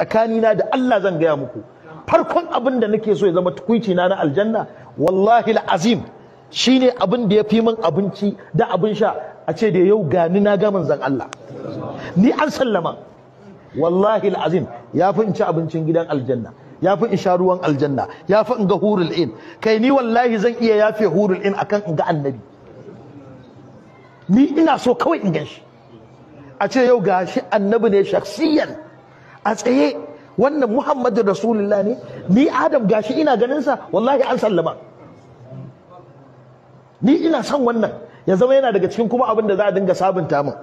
tsakanina da Allah zan gaya muku farkon abin da nake so ya zama tukunci na na aljanna wallahi azim shine abin da ya fi min abinci da abin sha a ce da yau gani na ga zan Allah ni an sallama wallahi azim ya fi in ci abincin gidan aljanna ya fi in sha ruwan aljanna ya fi in ga hurul in kai ni wallahi zan iya yafe hurul in akan in ga annabi ni ina so kawai in gan shi a ce yau gashi annabi ne shaksiyan a tsaye wannan muhammadu rasulullah ne ni adam gashi ina ganin sa wallahi an sallama ni ina son wannan ya zama yana daga cikin kuma abin da za a dinga sabunta min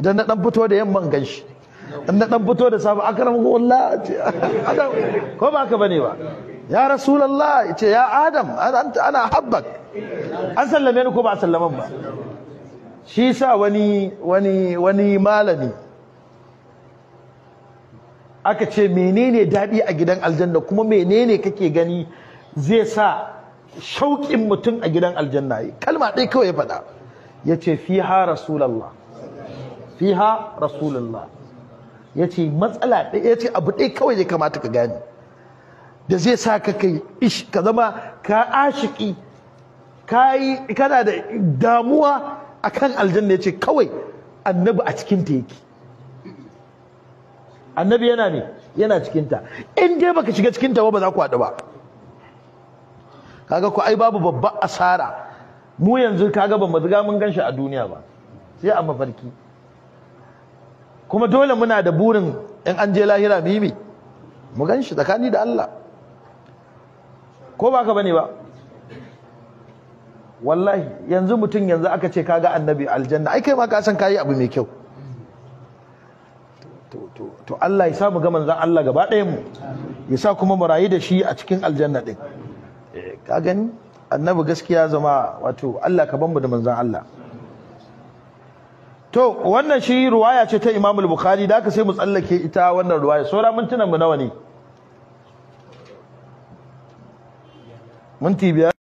idan na dan fito da yamman ganshi idan na dan fito da sabu akram wallahi ko ba ka bane ba ya rasulullah yace ya adam ana habbak an sallame ni ko ba a sallaman ba shi sa wani wani wani malami aka ce menene daɗi a gidan aljanna kuma menene kake gani zai sa shauƙin mutum a gidan aljanna yi kalma ɗaya kawai ya faɗa ya ce fiha rasulallah fiha rasulallah ya ce matsala ɗaya ya ce abu ɗai kawai ya kamata ka gane da zai sa ka kai ish ka zama ka ashiki ka yi kana da damuwa akan aljanna ya ce kawai annabi a cikin ta annabi yana ne yana cikin ta in dai baka shiga cikin ta ba za ku haɗu ba kaga ku ai babu babban asara mu yanzu kaga ba mu zuga mun ganshi a duniya ba sai a mafarki kuma dole muna da burin in an je lahira mimi mu ganshi tsakani da Allah ko ba ka bane ba wallahi yanzu mutum yanzu aka ce kaga annabi aljanna ai kai ma ka san kayi abu mai kyau to Allah ya sa mu ga manzon Allah gaba ɗaya mu ya sa kuma mu rayu da shi a cikin aljanna din eh, ka gani annabi gaskiya zama wato Allah ka ban mu da manzon Allah to wannan shi ruwaya ce ta Imam Bukhari da aka sai mu tsallake ita wannan ruwaya saura mintunan mu nawa ne minti biyar